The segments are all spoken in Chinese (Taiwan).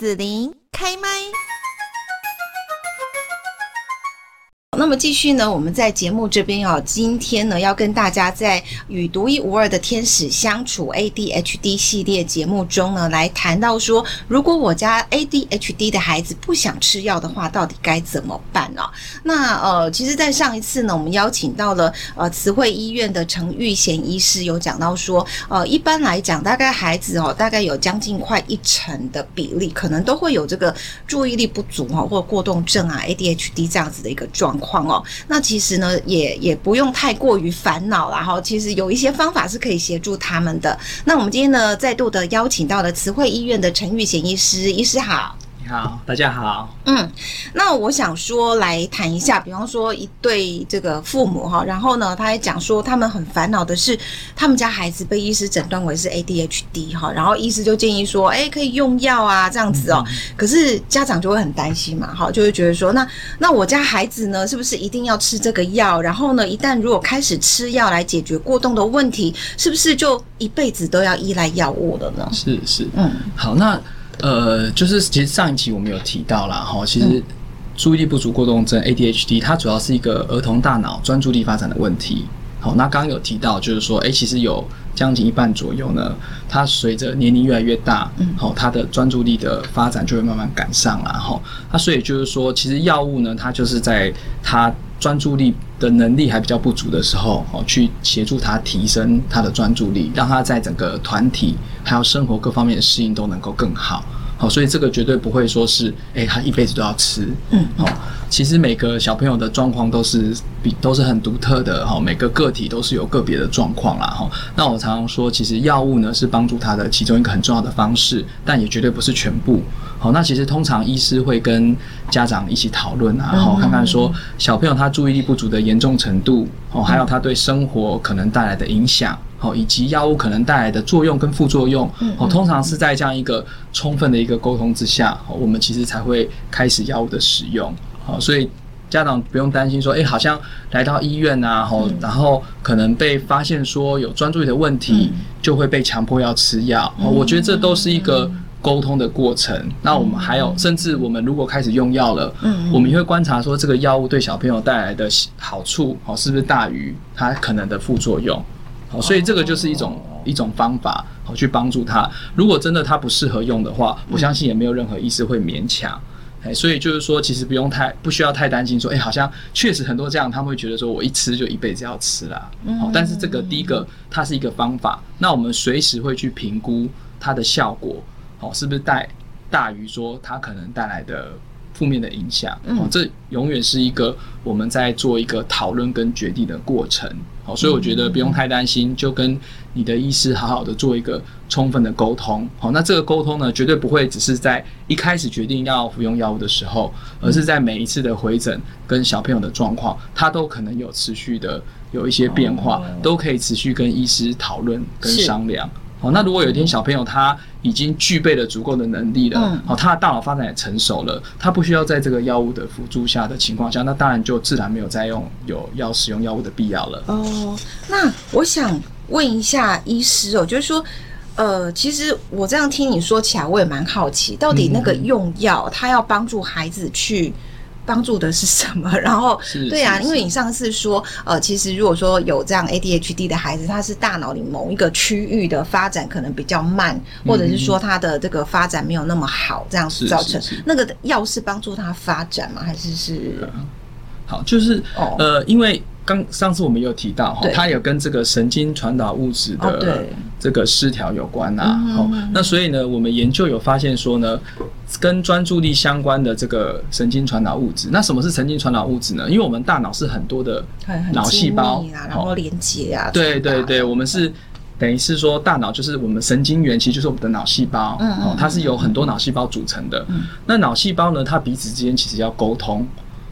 子琳開麥。那麼繼續呢，我們在節目這邊哦，今天呢要跟大家在與獨一無二的天使相處 ADHD 系列節目中呢，來談到說，如果我家 ADHD 的孩子不想吃藥的話，到底該怎麼辦呢、啊？那呃，其實，在上一次呢，我們邀請到了呃慈惠醫院的成毓賢醫師，有講到說，呃，一般來講，大概孩子哦，大概有將近快一成的比例，可能都會有這個注意力不足哦，或過動症啊 ADHD 這樣子的一個狀況。況哦，那其實呢，也也不用太過於煩惱啦哈。其實有一些方法是可以協助他們的。那我們今天呢，再度的邀請到了慈惠醫院的成毓賢醫師，醫師好。好，大家好。嗯，那我想說來談一下，比方說一對這個父母哈，然後呢，他也講說他們很煩惱的是，他們家孩子被醫師診斷為是 ADHD 哈，然後醫師就建議說，哎、欸，可以用藥啊這樣子哦、喔，嗯、可是家長就會很擔心嘛，哈，就會覺得說，那那我家孩子呢，是不是一定要吃這個藥？然後呢，一旦如果開始吃藥來解決過動的問題，是不是就一輩子都要依賴藥物了呢？是是，嗯，好那。呃，就是其實上一期我們有提到了哈，其實注意力不足過動症，ADHD，它主要是一個兒童大腦專注力發展的問題。好、哦，那剛剛有提到，就是說，哎，其實有將近一半左右呢，他隨着年齡越來越大，嗯、哦，好，他的專注力的發展就會慢慢趕上了、啊，哈、哦，那、啊、所以就是說，其實藥物呢，它就是在他專注力的能力還比較不足的時候，哦，去協助他提升他的專注力，讓他在整個團體還有生活各方面的適應都能夠更好。好，所以這個絕對不會說是，誒、欸，他一輩子都要吃。嗯，好，其實每個小朋友的狀況都是比都是很獨特的，哈，每個個體都是有個別的狀況啦，哈。那我常常說，其實藥物呢是幫助他的其中一個很重要的方式，但也絕對不是全部。好，那其實通常醫師會跟家長一起討論啊，好、嗯嗯，看看說小朋友他注意力不足的嚴重程度，哦，還有他對生活可能帶來的影響。哦，以及藥物可能帶來的作用跟副作用，哦，嗯嗯嗯，通常是在這樣一個充分的一個溝通之下，我們其實才會開始藥物的使用，好，所以家長不用擔心說，誒、欸，好像來到醫院啊，然後可能被發現說有專注力的問題，就會被強迫要吃藥，哦，我覺得這都是一個溝通的過程。那我們還有，甚至我們如果開始用藥了，我們也會觀察說這個藥物對小朋友帶來的好處，哦，是不是大於它可能的副作用？好，所以這個就是一種 oh, oh, oh, oh, oh, 一種方法，好去幫助他。如果真的他不適合用的話，嗯、我相信也沒有任何醫師會勉強。誒，所以就是說，其實不用太不需要太擔心說，說、欸、哎，好像確實很多這樣，他們會覺得說我一吃就一輩子要吃啦。好、喔，嗯、但是這個第一個它是一個方法，那我們隨時會去評估它的效果，好、喔、是不是帶大於說它可能帶來的。負面的影響，嗯、哦，這永遠是一個我們在做一個討論跟決定的過程，好、哦，所以我覺得不用太擔心，嗯嗯、就跟你的醫師好好的做一個充分的溝通，好、哦，那這個溝通呢，絕對不會只是在一開始決定要服用藥物的時候，而是在每一次的回診跟小朋友的狀況，他都可能有持續的有一些變化，哦、都可以持續跟醫師討論跟商量，好是、哦，那如果有一天小朋友他已經具備了足夠的能力了，好、嗯，他的大腦發展也成熟了，他不需要在這個藥物的輔助下的情況下，那當然就自然沒有再用有要使用藥物的必要了。哦，那我想問一下醫師哦，就是說，呃，其實我這樣聽你說起來，我也蠻好奇，到底那個用藥，他要幫助孩子去。幫助的是什麼？然後是是是對啊，因為你上次說，呃，其實如果說有這樣 ADHD 的孩子，他是大腦裡某一個區域的發展可能比較慢，或者是說他的這個發展沒有那麼好，嗯嗯這樣子造成是是是那個藥是幫助他發展嗎？還是是，是、啊、好，就是、哦、呃，因為。剛上次我們有提到，對它有跟這個神經傳導物質的這個失調有關吶、啊哦哦。那所以呢，我們研究有發現說呢，跟專注力相關的這個神經傳導物質。那什麼是神經傳導物質呢？因為我們大腦是很多的腦細胞、啊，然後連接啊。哦、達對對對，我們是對等於是說，大腦就是我們神經元，其實就是我們的腦細胞。嗯，嗯，嗯、哦、它是由很多腦細胞組成的。嗯、那腦細胞呢？它彼此之間其實要溝通。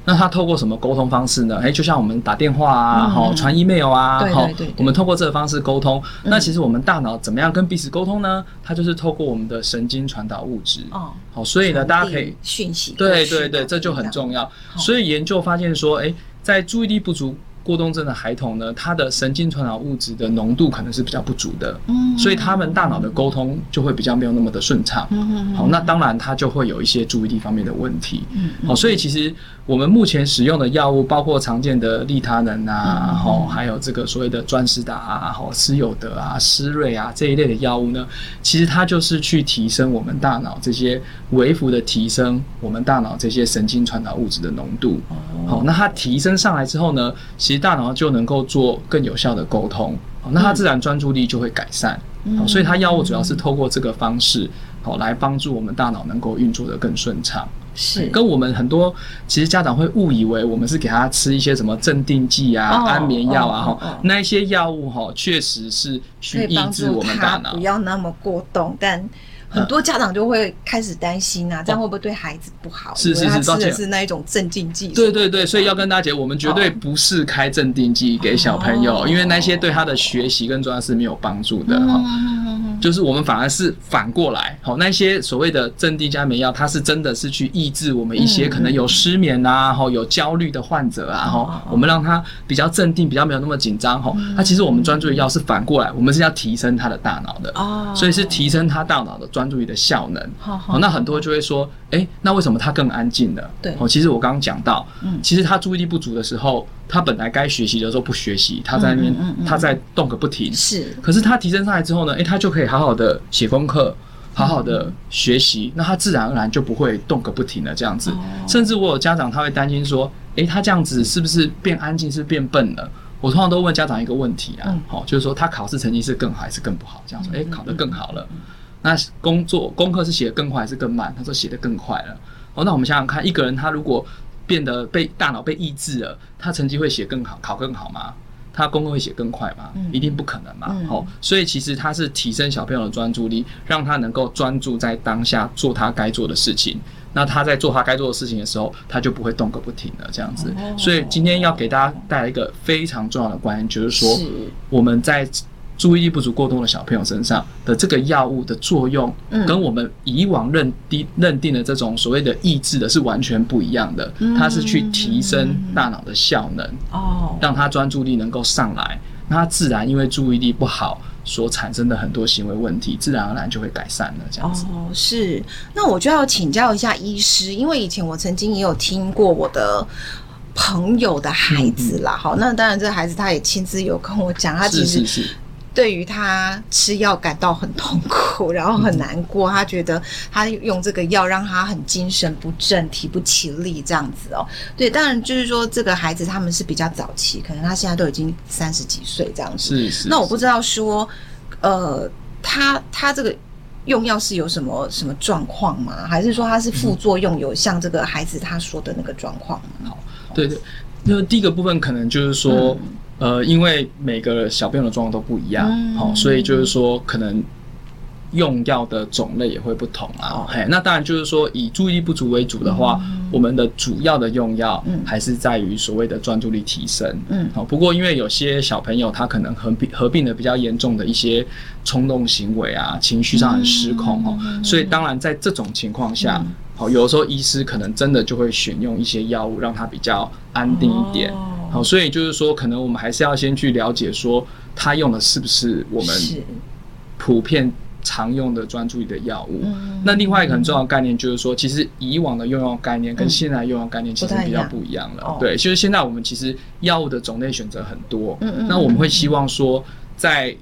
那它透過什麼溝通方式呢？誒、欸，就像我們打電話啊，嗯、好，傳 email 啊，對對對，好，我們透過這個方式溝通。嗯、那其實我們大腦怎麼樣跟彼此溝通呢？它就是透過我們的神經傳導物質。哦、嗯，好，所以呢，大家可以訊息。對對對，需要這就很重要。對了，所以研究發現說，誒、欸，在注意力不足、過動症的孩童呢，他的神經傳導物質的濃度可能是比較不足的，嗯，嗯，所以他們大腦的溝通就會比較沒有那麼的順暢，嗯嗯，嗯，好，那當然他就會有一些注意力方面的問題，嗯好、嗯嗯哦，所以其實我們目前使用的藥物包括常見的利他能啊，好、嗯嗯嗯哦，還有這個所謂的專思達啊，好、哦，思有德啊，思銳啊這一類的藥物呢，其實它就是去提升我們大腦這些，微幅的提升我們大腦這些神經傳導物質的濃度，好、嗯嗯嗯哦，那它提升上來之後呢，其實。大腦就能夠做更有效的溝通，好，那他自然專注力就會改善，好、嗯，所以他藥物主要是透過這個方式，好來幫助我們大腦能夠運作得更順暢。是跟我們很多其實家長會誤以為我們是給他吃一些什麼鎮定劑啊、哦、安眠藥啊，哈、哦，哦、那一些藥物哈，確實是去抑制我們大腦不要那麼過動，但。很多家長就會開始擔心啊，嗯、這樣會不會對孩子不好？哦、是，是是是，他是那一種鎮定劑。對對對，所以要跟大家講，哦、我們絕對不是開鎮定劑給小朋友，哦、因為那些對他的學習跟專業是沒有幫助的，哦哦就是我們反而是反過來，好，那些所謂的鎮定加眠藥，它是真的是去抑制我們一些可能有失眠啊，哈，有焦慮的患者啊，哈，我們讓他比較鎮定，比較沒有那麼緊張，哈。那其實我們專注的藥是反過來，我們是要提升他的大腦的，哦，所以是提升他大腦的專注力的效能。好，那很多就會說，誒、欸，那為什麼他更安靜了？對，哦，其實我剛剛講到，嗯，其實他注意力不足的時候。他本來該學習的時候不學習，他在那邊、嗯嗯嗯、他在動個不停。是，可是他提升上來之後呢？誒、欸，他就可以好好的寫功課，好好的學習，嗯、那他自然而然就不會動個不停了。這樣子，嗯、甚至我有家長他會擔心說，誒、欸，他這樣子是不是變安靜是，是變笨了。我通常都問家長一個問題啊，好、嗯，就是說他考試成績是更好還是更不好。這樣說，誒、欸，考得更好了。那工作功課是寫得更快還是更慢。他說寫得更快了。好、哦，那我們想想看，一個人他如果。變得被大腦被抑制了，他成績會寫更好，考更好嗎？他功課會寫更快嗎？嗯、一定不可能嘛！好、嗯哦，所以其實他是提升小朋友的專注力，讓他能夠專注在當下做他該做的事情。那他在做他該做的事情的時候，他就不會動個不停了，這樣子。嗯嗯、所以今天要給大家帶來一個非常重要的觀念，是，就是說我們在。注意力不足過多的小朋友身上的這個藥物的作用，跟我們以往認定認定的這種所謂的抑制的是完全不一樣的，它是去提升大腦的效能，哦，讓他專注力能夠上來，那他自然因為注意力不好所產生的很多行為問題，自然而然就會改善了。這樣子哦，是，那我就要請教一下醫師，因為以前我曾經也有聽過我的朋友的孩子啦，嗯哼。好，那當然這個孩子他也親自有跟我講，他其實是是是。對於他吃藥感到很痛苦，然後很難過，他覺得他用這個藥讓他很精神不振，提不起力這樣子哦。對，當然就是說這個孩子他們是比較早期，可能他現在都已經三十幾歲這樣子。是是，是。那我不知道說，呃，他他這個用藥是有什麼什麼狀況嗎？還是說他是副作用有像這個孩子他說的那個狀況嗎？好、嗯，對對，那個、第一個部分可能就是說。嗯呃，因為每個小朋友的狀況都不一樣，好、嗯哦，所以就是說可能用藥的種類也會不同啊。嗯哦、嘿，那當然就是說以注意力不足為主的話，嗯、我們的主要的用藥還是在於所謂的專注力提升。嗯，好、哦，不過因為有些小朋友他可能合併合併的比較嚴重的一些衝動行為啊，情緒上很失控、嗯、哦，所以當然在這種情況下，好，有的時候醫師可能真的就會選用一些藥物讓他比較安定一點。哦好、哦，所以就是說，可能我們還是要先去了解，說他用的是不是我們普遍常用的專注力的藥物。嗯、那另外一個很重要的概念就是說，其實以往的用藥概念跟現在用藥概念其實比較不一樣了。樣哦、對，就是現在我們其實藥物的種類選擇很多。嗯嗯、那我們會希望說，在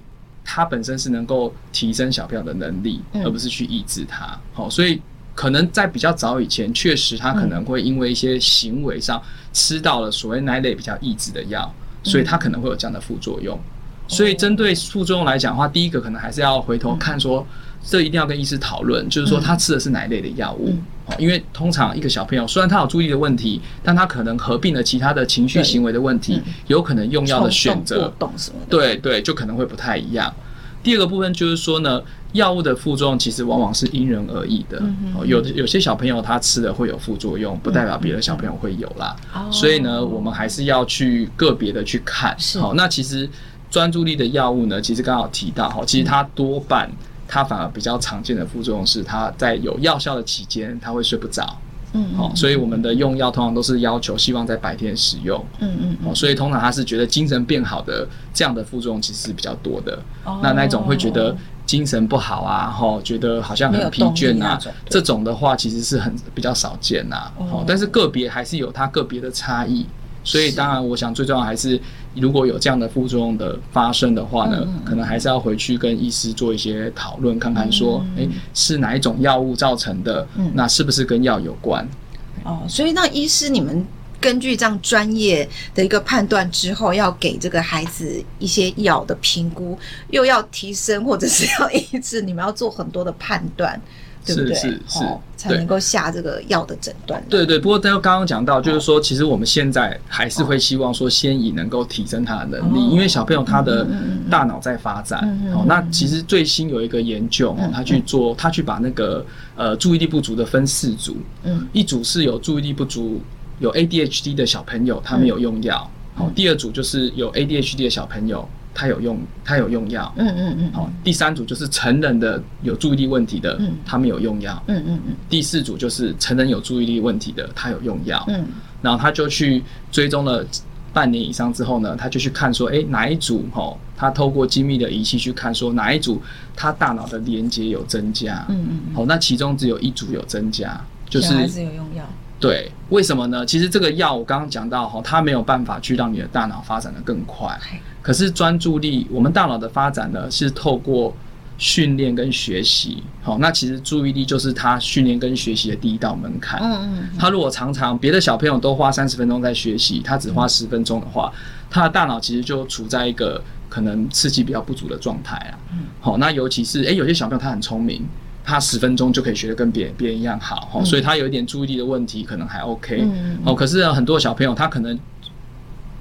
它本身是能夠提升小朋友的能力，嗯、而不是去抑制它。好、哦，所以。可能在比較早以前，確實他可能會因為一些行為上吃到了所謂哪一類比較抑制的藥，嗯、所以他可能會有這樣的副作用。哦、所以針對副作用來講的話，第一個可能還是要回頭看，說這一定要跟醫師討論，嗯、就是說他吃的是哪一類的藥物。嗯嗯、因為通常一個小朋友雖然他有注意的問題，但他可能合併了其他的情緒行為的問題，嗯、有可能用藥的選擇、過動什麼的，對對，就可能會不太一樣。第二個部分就是說呢，藥物的副作用其實往往是因人而異的。嗯嗯，有的有些小朋友他吃了會有副作用，不代表別的小朋友會有啦。嗯嗯，所以呢，哦、我們還是要去個別的去看。好、哦哦，那其實專注力的藥物呢，其實剛好提到哈，其實它多半它、嗯、反而比較常見的副作用是，它在有藥效的期間，他會睡不着。嗯，好，所以我們的用藥通常都是要求希望在白天使用，嗯嗯，所以通常他是覺得精神變好的這樣的副作用其實是比較多的。那那種會覺得精神不好啊，吼，覺得好像很疲倦啊，這種的話其實是很比較少見吶。哦，但是個別還是有它個別的差異，所以當然我想最重要的還是。如果有這樣的副作用的發生的話呢，嗯、可能還是要回去跟醫師做一些討論，嗯、看看說，誒、欸、是哪一種藥物造成的？嗯、那是不是跟藥有關？嗯、哦，所以那醫師，你們根據這樣專業的一個判斷之後，要給這個孩子一些藥的評估，又要提升或者是要抑制，你們要做很多的判斷。對不對是是是，oh, 才能夠下這個藥的診斷。對對，不過在剛剛講到，oh. 就是說，其實我們現在還是會希望說，先以能夠提升他的能力，oh. 因為小朋友他的大腦在發展。好，oh. oh. 那其實最新有一個研究、mm hmm. 他去做，他去把那個呃注意力不足的分四組，嗯、mm，hmm. 一組是有注意力不足有 ADHD 的小朋友，他沒有用藥；好、mm，hmm. oh. 第二組就是有 ADHD 的小朋友。他有用，他有用藥、嗯。嗯嗯嗯。好、哦，第三組就是成人的有注意力問題的，嗯、他沒有用藥、嗯。嗯嗯嗯。第四組就是成人有注意力問題的，他有用藥。嗯。然後他就去追蹤了半年以上之後呢，他就去看說，哎，哪一組？哈、哦，他透過精密的儀器去看說，哪一組他大腦的連接有增加？嗯嗯好、哦，那其中只有一組有增加，就是小孩子有用藥。對，為什麼呢？其實這個藥我剛剛講到哈、哦，它沒有辦法去讓你的大腦發展的更快。可是專注力，我們大腦的發展呢是透過訓練跟學習。好，那其實注意力就是他訓練跟學習的第一道門檻。嗯嗯，嗯。嗯、他如果常常別的小朋友都花三十分鐘在學習，他只花十分鐘的話，嗯嗯他的大腦其實就處在一個可能刺激比較不足的狀態啊。好，那尤其是誒、欸，有些小朋友他很聰明，他十分鐘就可以學得跟別別人一樣好。好，所以他有一點注意力的問題可能還 OK。哦、嗯嗯嗯嗯，可是呢很多小朋友他可能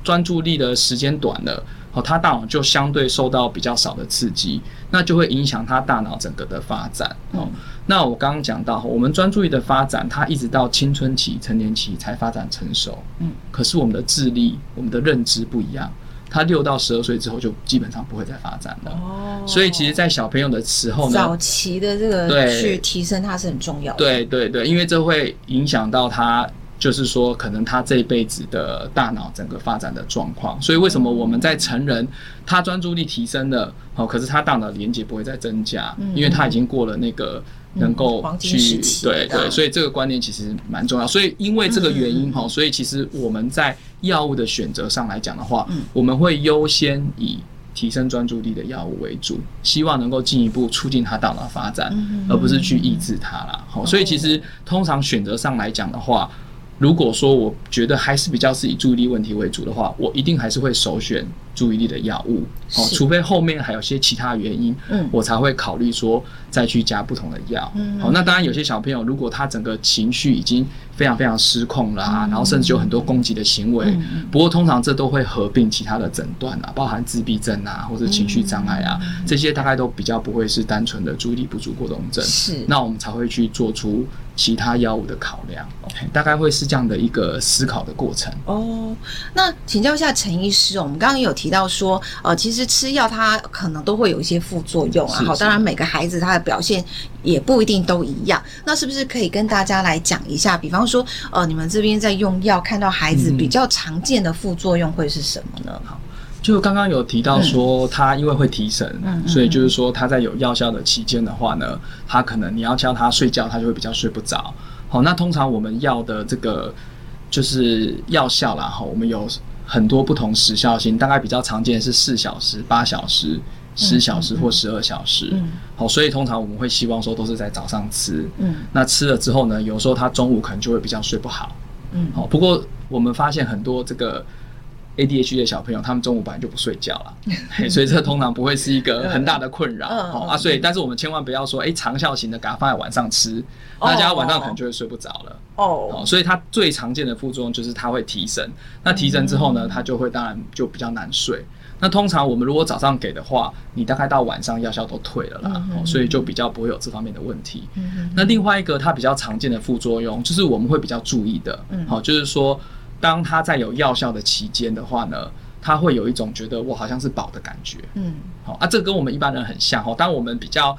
專注力的時間短了，哦，他大腦就相對受到比較少的刺激，那就會影響他大腦整個的發展。哦、嗯，那我剛剛講到，我們專注力的發展，它一直到青春期、成年期才發展成熟。嗯，可是我們的智力、我們的認知不一樣，他六到十二歲之後就基本上不會再發展了。哦，所以其實，在小朋友的時候呢，早期的這個對去提升它是很重要的。對對對，因為這會影響到他。就是說，可能他這一輩子的大腦整個發展的狀況，所以為什麼我們在成人，他專注力提升了，哦，可是他大腦連接不會再增加，因為他已經過了那個能夠去對對，所以這個觀念其實蠻重要。所以因為這個原因哈，所以其實我們在藥物的選擇上來講的話，我們會優先以提升專注力的藥物為主，希望能夠進一步促進他大腦的發展，而不是去抑制它啦。好，所以其實通常選擇上來講的話。如果說我覺得還是比較是以注意力問題為主的話，我一定還是會首選注意力的藥物，哦，除非後面還有些其他原因，嗯，我才會考慮說再去加不同的藥，嗯，好，那當然有些小朋友如果他整個情緒已經非常非常失控了啊，然後甚至有很多攻擊的行為，不過通常這都會合併其他的診斷啊，包含自閉症啊或者情緒障礙啊，這些大概都比較不會是單純的注意力不足過動症，是，那我們才會去做出其他藥物的考量，OK，大概會是這樣的一個思考的過程。哦，那請教一下成醫師，我們剛剛也有提。提到說，呃，其實吃藥它可能都會有一些副作用啊。好，當然每個孩子他的表現也不一定都一樣。那是不是可以跟大家來講一下？比方說，呃，你們這邊在用藥看到孩子比較常見的副作用會是什麼呢？嗯、就剛剛有提到說，他因為會提神，嗯、所以就是說他在有藥效的期間的話呢，嗯嗯、他可能你要叫他睡覺，他就會比較睡不着。好，那通常我們藥的這個就是藥效啦。哈，我們有。很多不同時效性，大概比較常見是四小時、八小時、十小時或十二小時。嗯嗯嗯、好，所以通常我們會希望說都是在早上吃。嗯，那吃了之後呢，有時候他中午可能就會比較睡不好。嗯，好，不過我們發現很多這個。ADHD 的小朋友，他們中午本來就不睡覺了，所以這通常不會是一個很大的困擾。好啊，所以但是我們千萬不要說，誒，長效型的給他放在晚上吃，大家晚上可能就會睡不着了。哦，所以它最常見的副作用就是它會提神。那提神之後呢，它就會當然就比較難睡。那通常我們如果早上給的話，你大概到晚上藥效都退了啦，所以就比較不會有這方面的問題。那另外一個它比較常見的副作用，就是我們會比較注意的。嗯，好，就是說。當他在有藥效的期間的話呢，他會有一種覺得我好像是飽的感覺。嗯，好啊，這跟我們一般人很像哦，當我們比較，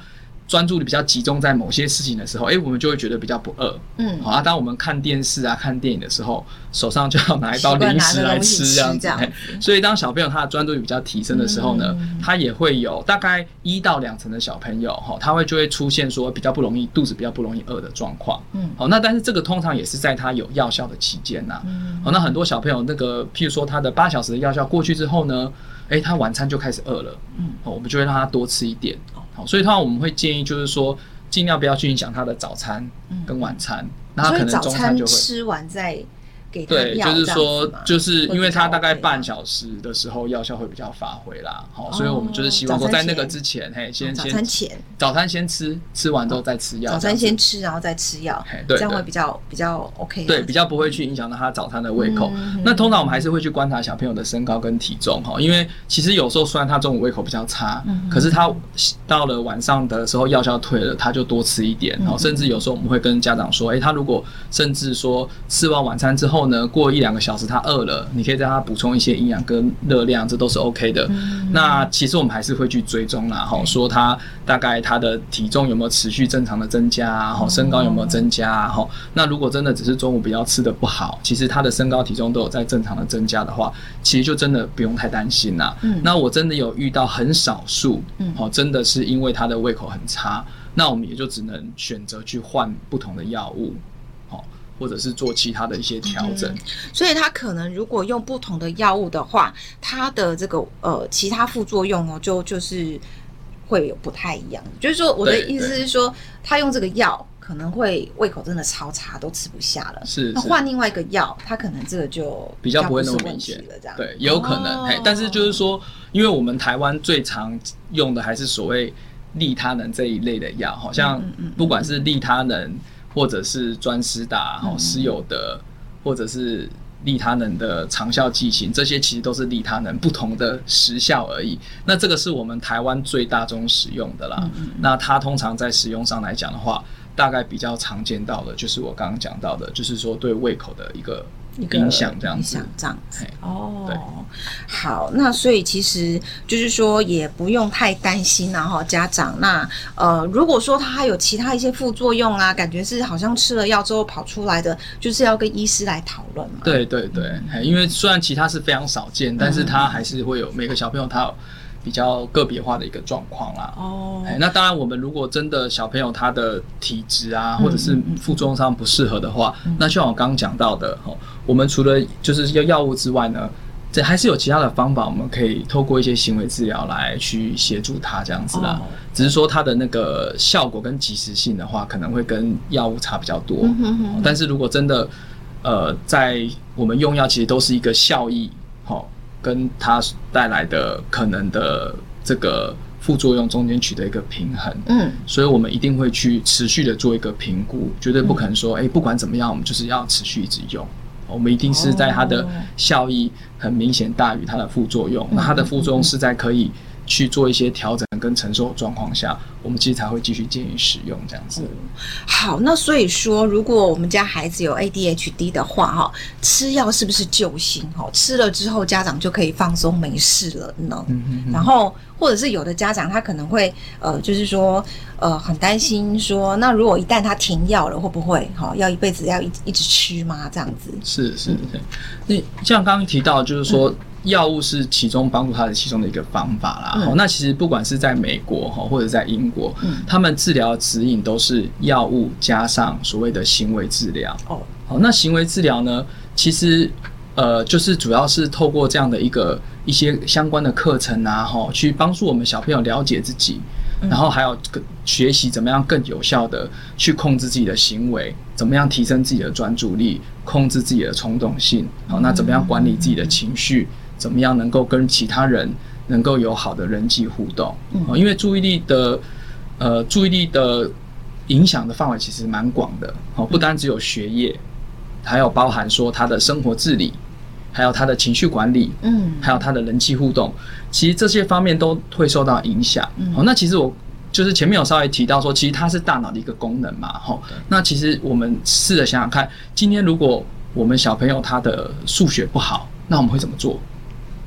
專注力比較集中在某些事情的時候，誒、欸，我們就會覺得比較不餓。嗯，好啊。當我們看電視啊、看電影的時候，手上就要拿一包零食來吃這樣子。樣子欸、所以，當小朋友他的專注力比較提升的時候呢，嗯、他也會有大概一到兩成的小朋友哈、喔，他會就會出現說比較不容易肚子比較不容易餓的狀況。嗯，好、喔。那但是這個通常也是在他有藥效的期間吶、啊。好、嗯喔，那很多小朋友那個，譬如說他的八小時的藥效過去之後呢，誒、欸，他晚餐就開始餓了。嗯。好，我們就會讓他多吃一點。所以通常，我們會建議就是說，盡量不要去影響他的早餐跟晚餐，那、嗯、他可能中餐，餐就會吃完再。給對，就是說，就是因為他大概半小時的時候藥效會比較發揮啦，好、哦喔，所以我們就是希望說在那個之前，前嘿，先先、哦、早餐前，早餐先吃，吃完之後再吃藥、哦。早餐先吃，然後再吃藥，對，這樣會比較對對對比較 OK。對，比較不會去影響到他早餐的胃口。嗯、那通常我們還是會去觀察小朋友的身高跟體重，哈，因為其實有時候雖然他中午胃口比較差，嗯、可是他到了晚上的時候藥效退了，他就多吃一點，然後甚至有時候我們會跟家長說，誒、欸，他如果甚至說吃完晚餐之後。過一兩個小時他餓了，你可以讓他補充一些營養跟熱量，這都是 OK 的。嗯嗯，那其實我們還是會去追蹤啦，吼，說他大概他的體重有沒有持續正常的增加，吼，身高有沒有增加，吼。哦、那如果真的只是中午比較吃的不好，其實他的身高體重都有在正常的增加的話，其實就真的不用太擔心啦。嗯嗯，那我真的有遇到很少數，嗯，真的是因為他的胃口很差，那我們也就只能選擇去換不同的藥物。或者是做其他的一些調整。嗯，所以他可能如果用不同的藥物的話，他的這個呃其他副作用哦，就就是會有不太一樣。就是說我的意思是說，對對對他用這個藥可能會胃口真的超差，都吃不下了。是，是那換另外一個藥，他可能這個就比較不，比較不會那麼明顯了。這樣對，也有可能。哎、哦，但是就是說，因為我們台灣最常用的還是所謂利他能這一類的藥，好像不管是利他能。嗯嗯嗯嗯嗯或者是專思達，然後私有的，或者是利他能的長效劑型，這些其實都是利他能不同的時效而已。那這個是我們台灣最大宗使用的啦。嗯嗯，那它通常在使用上來講的話，大概比較常見到的就是我剛剛講到的，就是說，對胃口的一個。音響這樣子，音響這樣子，哎嘿，哦，對，好，那所以其實就是說也不用太擔心啊，然後家長。那呃，如果說他還有其他一些副作用啊，感覺是好像吃了藥之後跑出來的，就是要跟醫師來討論嘛。對對對，因為雖然其他是非常少見，嗯、但是他還是會有每個小朋友他有比較個別化的一個狀況啦。哦，那當然，我們如果真的小朋友他的體質啊，嗯、或者是副作用上不適合的話，嗯、那就像我剛剛講到的，我們除了就是要藥物之外呢，這還是有其他的方法，我們可以透過一些行為治療來去協助它，這樣子啦。哦、只是說它的那個效果，跟及時性的話，可能會跟藥物差比較多。嗯、哼哼，但是，如果真的，呃，在我們用藥其實都是一個效益，好跟它帶來的可能的這個副作用中間取得一個平衡。嗯，所以我們一定會去持續的做一個評估，絕對不可能說，哎、嗯欸，不管怎麼樣，我們就是要持續一直用。我們一定是在它的效益很明顯大於它的副作用，那、oh. 它的副作用是在可以去做一些調整跟承受狀況下，我們其實才會繼續建議使用這樣子。Oh. 好，那所以說，如果我們家孩子有 ADHD 的話，哈，吃藥是不是救星？哈，吃了之後家長就可以放鬆沒事了呢？嗯嗯、mm，hmm. 然後。或者是有的家長他可能會呃，就是說呃，很擔心說，那如果一旦他停藥了，會不會哈、哦，要一輩子要一一直吃嗎？這樣子？是是是，那像剛剛提到，就是說、嗯、藥物是其中幫助他的其中的一個方法啦。好、嗯哦，那其實不管是在美國哈，或者在英國，嗯、他們治療指引都是藥物加上所謂的行為治療。哦，好、哦，那行為治療呢？其實。呃，就是主要是透過這樣的一個一些相關的課程啊，然後去幫助我們小朋友了解自己，然後還有學習怎麼樣更有效的去控制自己的行為，怎麼樣提升自己的專注力，控制自己的衝動性，好，那怎麼樣管理自己的情緒，怎麼樣能夠跟其他人能夠有好的人際互動，因為注意力的呃，注意力的影響的範圍其實蠻廣的，哦，不單只有學業，還有包含說他的生活自理。還有他的情緒管理，嗯，還有他的人際互動，嗯、其實這些方面都會受到影響。哦、嗯喔，那其實我就是前面有稍微提到說，其實它是大腦的一個功能嘛，齁。對 那其實我們試着想想看，今天如果我們小朋友他的數學不好，那我們會怎麼做？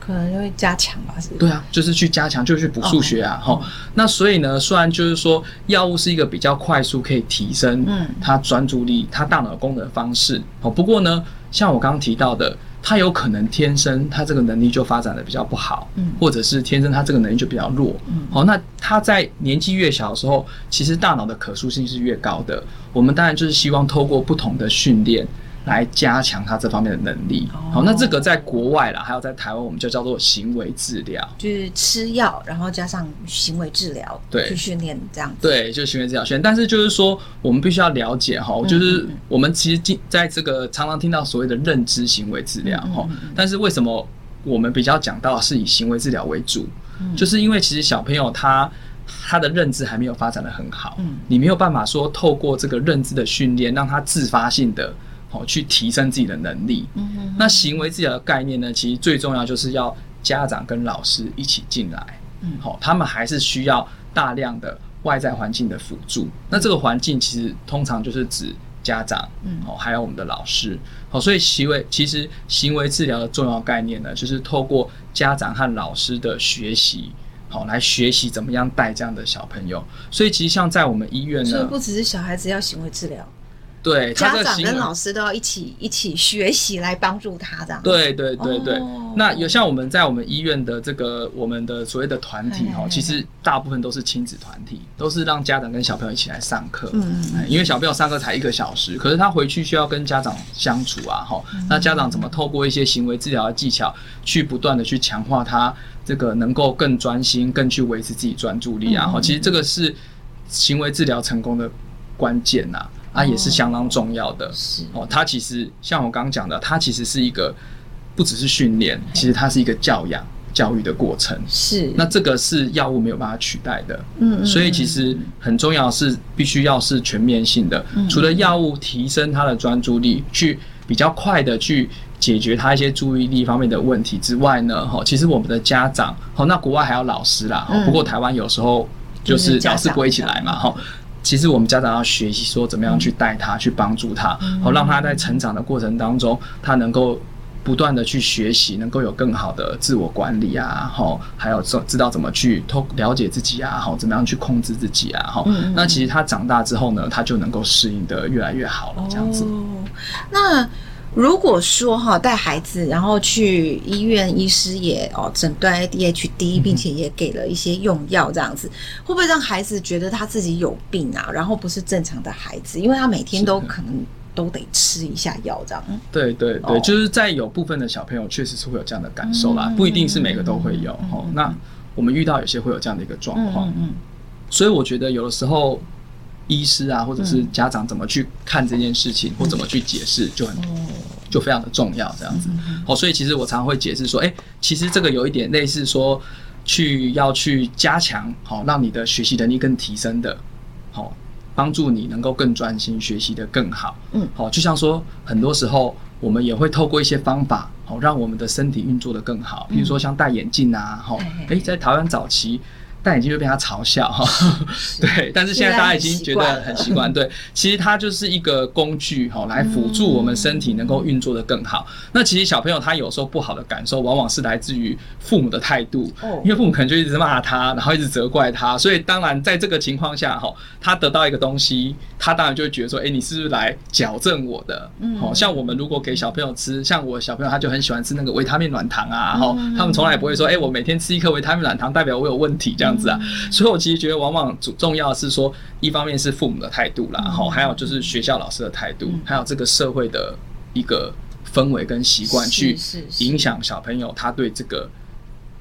可能就會加強吧是不是？是對啊，就是去加強，就是去補數學啊，齁 Okay。那所以呢，雖然就是說藥物是一個比較快速可以提升嗯他專注力、嗯、他大腦功能的方式哦，不過呢，像我剛剛提到的。他有可能天生他這個能力就發展得比較不好，嗯，或者是天生他這個能力就比較弱，嗯，好，哦，那他在年紀越小的時候，其實大腦的可塑性是越高的。我們當然就是希望透過不同的訓練。來加強他這方面的能力。好、哦哦，那這個在國外啦，還有在台灣，我們就叫做行為治療，就是吃藥，然後加上行為治療，對，去訓練這樣子。對，就是行為治療訓練。但是就是說，我們必須要了解哈，就是我們其實今在這個常常聽到所謂的認知行為治療哈，但是為什麼我們比較講到是以行為治療為主？嗯、就是因為其實小朋友他他的認知還沒有發展得很好，嗯、你沒有辦法說透過這個認知的訓練讓他自發性的。好，去提升自己的能力。嗯哼哼。那行為治療的概念呢？其實最重要就是要家長跟老師一起進來。嗯，好，他們還是需要大量的外在環境的輔助。嗯，那這個環境其實通常就是指家長，嗯，哦，還有我們的老師。好，所以行為其實行為治療的重要概念呢，就是透過家長和老師的學習，好，來學習怎麼樣帶這樣的小朋友。所以其實像在我們醫院呢，所以不只是小孩子要行為治療。對，家長跟老師都要一起一起學習來幫助他這樣。對對對對，oh. 那有像我們在我們醫院的這個我們的所謂的團體哦，hey, hey, hey. 其實大部分都是親子團體，都是讓家長跟小朋友一起來上課。嗯、hmm. 因為小朋友上課才一個小時，可是他回去需要跟家長相處啊，哈。Hmm. 那家長怎麼透過一些行為治療的技巧，去不斷的去強化他這個能夠更專心，更去維持自己專注力啊？哈，hmm. 其實這個是行為治療成功的關鍵吶、啊。啊，也是相當重要的哦，是哦。它，其實像我剛剛講的，它其實是一個不只是訓練，嘿其實它是一個教養、教育的過程。是，那這個是藥物沒有辦法取代的。嗯，所以其實很重要的是必須要是全面性的。嗯、除了藥物提升他的專注力，嗯、去比較快的去解決他一些注意力方面的問題之外呢，哈、哦，其實我們的家長，哈、哦，那國外還有老師啦。嗯哦、不過台灣有時候就是老師不會一起來嘛，哈、嗯。嗯其實我們家長要學習說怎麼樣去帶他、嗯、去幫助他，好讓他在成長的過程當中，他能夠不斷地去學習，能夠有更好的自我管理啊，好，還有知知道怎麼去透了解自己啊，好，怎麼樣去控制自己啊，好、嗯嗯，那其實他長大之後呢，他就能夠適應得越來越好了，這樣子。哦、那。如果說哈帶孩子然後去醫院，醫師也哦診斷 ADHD，並且也給了一些用藥，這樣子會不會讓孩子覺得他自己有病啊？然後不是正常的孩子，因為他每天都可能都得吃一下藥這樣。對對對，哦，就是在有部分的小朋友確實是會有這樣的感受啦，不一定是每個都會有。嗯嗯嗯嗯，那我們遇到有些會有這樣的一個狀況，嗯，嗯，嗯，所以我覺得有的時候。醫師啊，或者是家長怎麼去看這件事情，嗯、或怎麼去解釋，就很，哦、就非常的重要這樣子。好、嗯，嗯嗯、所以其實我常會解釋說，誒、欸，其實這個有一點類似說，去要去加強，好、哦，讓你的學習能力更提升的，好、哦，幫助你能夠更專心學習的更好。嗯，好、哦，就像說，很多時候我們也會透過一些方法，好、哦，讓我們的身體運作的更好，嗯、比如說像戴眼鏡啊，好、哦、誒、欸，在台灣早期。但已經會被他嘲笑哈，是是。 對，但是現在大家已經覺得很習慣，對，其實它就是一個工具哈、喔，來輔助我們身體能夠運作得更好。嗯、那其實小朋友他有時候不好的感受，往往是來自於父母的態度，哦、因為父母可能就一直罵他，然後一直責怪他，所以當然在這個情況下哈、喔，他得到一個東西，他當然就會覺得說，哎、欸，你是不是來矯正我的？好、嗯喔、像我們如果給小朋友吃，像我小朋友他就很喜歡吃那個維他命軟糖啊，然後、嗯、他們從來不會說，哎、欸，我每天吃一顆維他命軟糖，代表我有問題這樣。這樣子啊，所以，我其實覺得，往往主重要是說，一方面是父母的態度啦，然後還有就是學校老師的態度，還有這個社會的一個氛圍跟習慣，去影響小朋友他對這個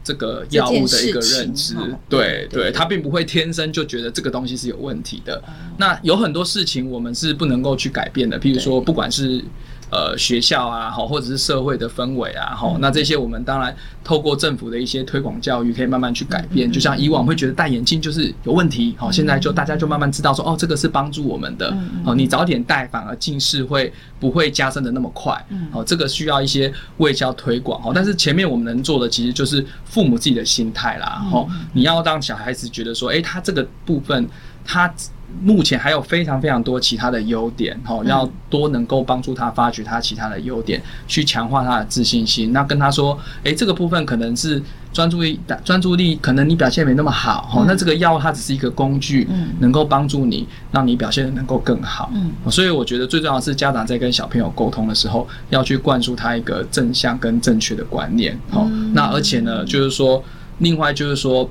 這個藥物的一個認知。對對，他並不會天生就覺得這個東西是有問題的。那有很多事情我們是不能夠去改變的，譬如說，不管是。呃，學校啊，好，或者是社會的氛圍啊，好、嗯，那這些我們當然透過政府的一些推廣教育，可以慢慢去改變。嗯嗯嗯、就像以往會覺得戴眼鏡就是有問題，好、嗯，現在就、嗯、大家就慢慢知道說，哦，這個是幫助我們的，好、嗯嗯哦，你早點戴，反而近視會不會加深得那麼快？好、嗯哦，這個需要一些衛教推廣，好、哦，但是前面我們能做的其實就是父母自己的心態啦，好、嗯嗯哦，你要讓小孩子覺得說，誒、欸，他這個部分他。目前還有非常非常多其他的優點，吼，要多能夠幫助他發掘他其他的優點，嗯、去強化他的自信心。那跟他說，誒、欸，這個部分可能是專注力，專注力可能你表現沒那麼好，吼、嗯，那這個藥它只是一個工具，嗯、能夠幫助你，讓你表現能夠更好。嗯、所以我覺得最重要的是家長在跟小朋友溝通的時候，要去灌輸他一個正向跟正確的觀念，好、嗯，那而且呢，就是說，另外就是說。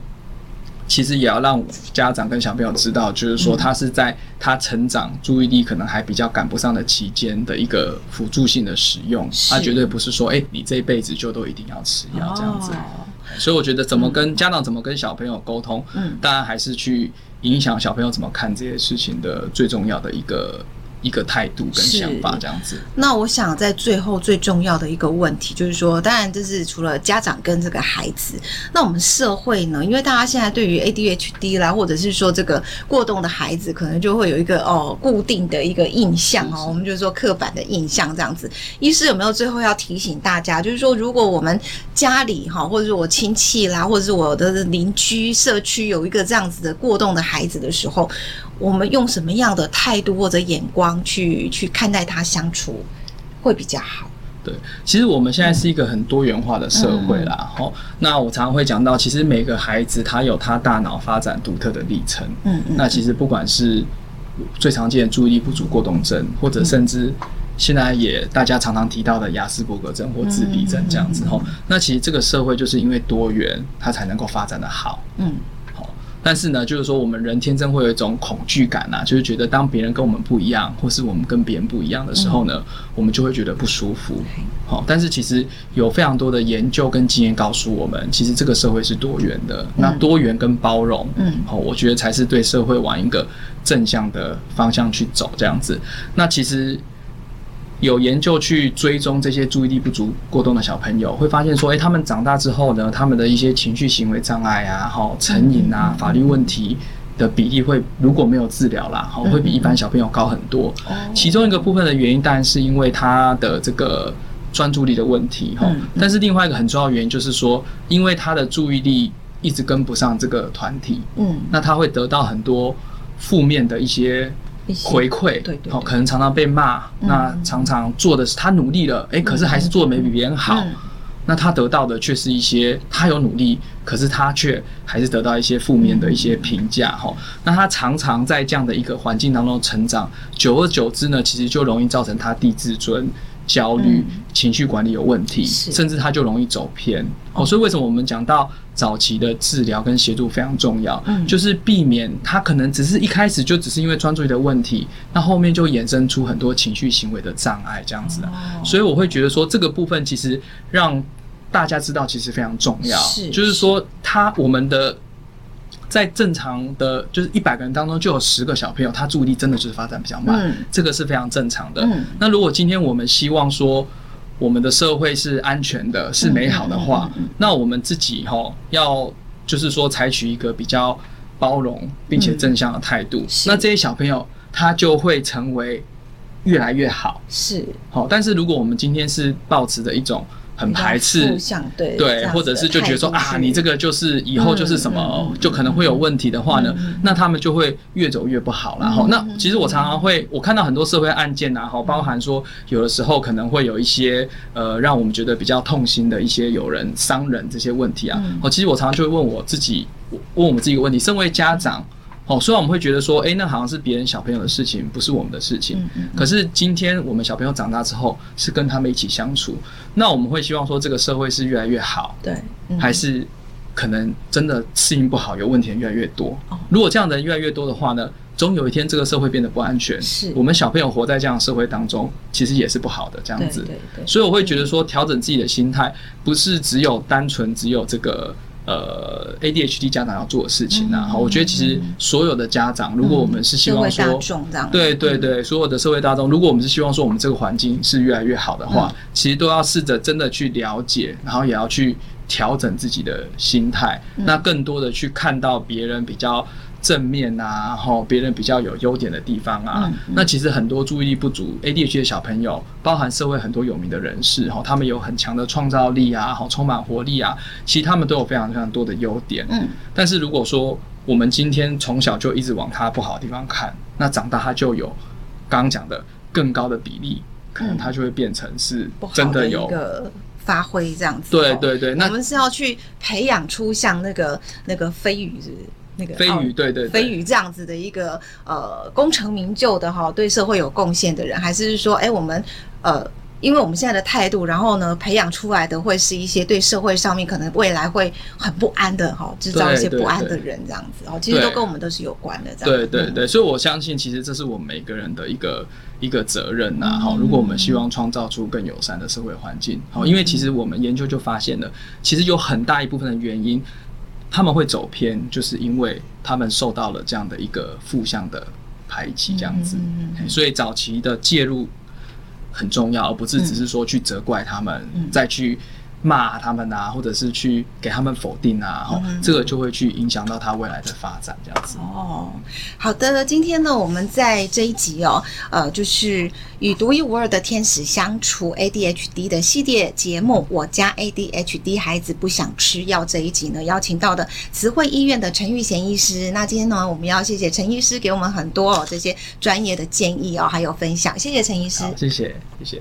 其實也要讓家長跟小朋友知道，就是說他是在他成長注意力可能還比較趕不上的期間的一個輔助性的使用，他是、啊、絕對不是說誒、欸，你這一輩子就都一定要吃藥這樣子。Oh, right. 所以我覺得怎麼跟家長、怎麼跟小朋友溝通，mm hmm. 當然還是去影響小朋友怎麼看這些事情的最重要的一個。一個態度跟想法這樣子。那我想在最後最重要的一個問題，就是說，當然就是除了家長跟這個孩子，那我們社會呢？因為大家現在對於 ADHD 啦，或者是說這個過動的孩子，可能就會有一個哦固定的一個印象哦，是是我們就是說刻板的印象這樣子。醫師有沒有最後要提醒大家，就是說，如果我們家裡哈，或者是我親戚啦，或者是我的鄰居社區有一個這樣子的過動的孩子的時候？我們用什麼樣的態度或者眼光去去看待他相處，會比較好？對，其實我們現在是一個很多元化的社會啦。好、嗯，那我常常會講到，其實每個孩子他有他大腦發展獨特的歷程。嗯，嗯，嗯，那其實不管是最常見的注意力不足過動症，或者甚至現在也大家常常提到的亞斯伯格症或自閉症這樣子。哦、嗯嗯嗯嗯，那其實這個社會就是因為多元，它才能夠發展得好。嗯。但是呢，就是說我們人天生會有一種恐懼感吶、啊，就是覺得當別人跟我們不一樣，或是我們跟別人不一樣的時候呢，嗯、我們就會覺得不舒服。好，但是其實有非常多的研究跟經驗告訴我們，其實這個社會是多元的。那多元跟包容，嗯，好、哦，我覺得才是對社會往一個正向的方向去走這樣子。那其實。有研究去追蹤這些注意力不足過動的小朋友，會發現說，誒、欸，他們長大之後呢，他們的一些情緒行為障礙啊，哈，成癮啊，法律問題的比例會如果沒有治療啦，好，會比一般小朋友高很多。其中一個部分的原因當然是因為他的這個專注力的問題，哈。但是另外一個很重要的原因就是說，因為他的注意力一直跟不上這個團體，嗯，那他會得到很多負面的一些。回饋，好，可能常常被罵。嗯、那常常做的是他努力了，誒、欸，可是還是做的沒比別人好。嗯、那他得到的卻是一些他有努力，可是他卻還是得到一些負面的一些評價。哈、嗯，那他常常在這樣的一個環境當中成長，久而久之呢，其實就容易造成他低自尊，焦慮情緒管理有問題，嗯、甚至他就容易走偏哦。所以為什麼我們講到早期的治療跟協助非常重要，嗯、就是避免他可能只是一開始就只是因為專注力的問題，那後面就衍生出很多情緒行為的障礙這樣子的。哦、所以我會覺得說這個部分其實讓大家知道其實非常重要，是是就是說他我們的。在正常的就是一百個人當中，就有十個小朋友，他注意力真的就是發展比較慢，嗯、這個是非常正常的。嗯、那如果今天我們希望說我們的社會是安全的、是美好的話，嗯、那我們自己齁、哦、要就是說採取一個比較包容並且正向的態度，嗯、那這些小朋友他就會成為越來越好。嗯、是好，但是如果我們今天是抱持著一種。很排斥，對，或者是就覺得說啊，你這個就是以後就是什麼，就可能會有問題的話呢，那他們就會越走越不好，然後，那其實我常常會，我看到很多社會案件然後，包含說有的時候可能會有一些呃，讓我們覺得比較痛心的一些有人傷人這些問題啊，其實我常常就會問我自己，問我們自己一個問題，身為家長。哦，雖然我們會覺得說，誒、欸，那好像是別人小朋友的事情，不是我們的事情。嗯嗯、可是今天我們小朋友長大之後，是跟他們一起相處。那我們會希望說，這個社會是越來越好。對。嗯、還是可能真的適應不好，有問題的越來越多。哦、如果這樣的人越來越多的話呢，總有一天這個社會變得不安全。是。我們小朋友活在這樣的社會當中，其實也是不好的。這樣子。對。對對。所以我會覺得說，調整自己的心態，不是只有單純只有這個。呃，ADHD 家長要做的事情呢？好，我覺得其實所有的家長，如果我們是希望說，對對對，所有的社會大眾，如果我們是希望說，我們這個環境是越來越好的話，其實都要試着真的去了解，然後也要去調整自己的心態，那更多的去看到別人比較正面啊，然後別人比較有優點的地方啊，嗯，那其實很多注意力不足 ADHD 的小朋友，包含社會很多有名的人士，然後他們有很強的創造力啊，吼，充滿活力啊，其實他們都有非常非常多的優點。嗯，但是如果說我們今天從小就一直往他不好的地方看，那長大他就有剛剛講的更高的比例，可能他就會變成是真的有不好的一個發揮這樣子。對對對，那我們是要去培養出像那個那個飛魚，是不是？那個、飛魚，對對，對、哦、飛魚這樣子的一個呃功成名就的哈、哦，對社會有貢獻的人，還是說誒我們呃，因為我們現在的態度，然後呢培養出來的會是一些對社會上面可能未來會很不安的哈、哦，製造一些不安的人。對對對，這樣子哦，其實都跟我們都是有關的對這樣。對對對，嗯、所以我相信其實這是我們每個人的一個一個責任吶、啊。好、嗯，如果我們希望創造出更友善的社會環境，好、嗯，因為其實我們研究就發現了，其實有很大一部分的原因。他們會走偏，就是因為他們受到了這樣的一個負向的排擠，這樣子。嗯嗯嗯、所以早期的介入很重要，嗯、而不是只是說去責怪他們，嗯嗯、再去。罵他們啊，或者是去給他們否定啊，哦，嗯，這個就會去影響到他未來的發展，這樣子。哦，好的，今天呢，我們在這一集哦，呃，就是與獨一無二的天使相處 ADHD 的系列節目，我家 ADHD 孩子不想吃藥這一集呢，邀請到的慈惠醫院的成毓賢醫師。那今天呢，我們要謝謝成醫師給我們很多哦這些專業的建議哦，還有分享，謝謝成醫師，好，謝謝，謝謝。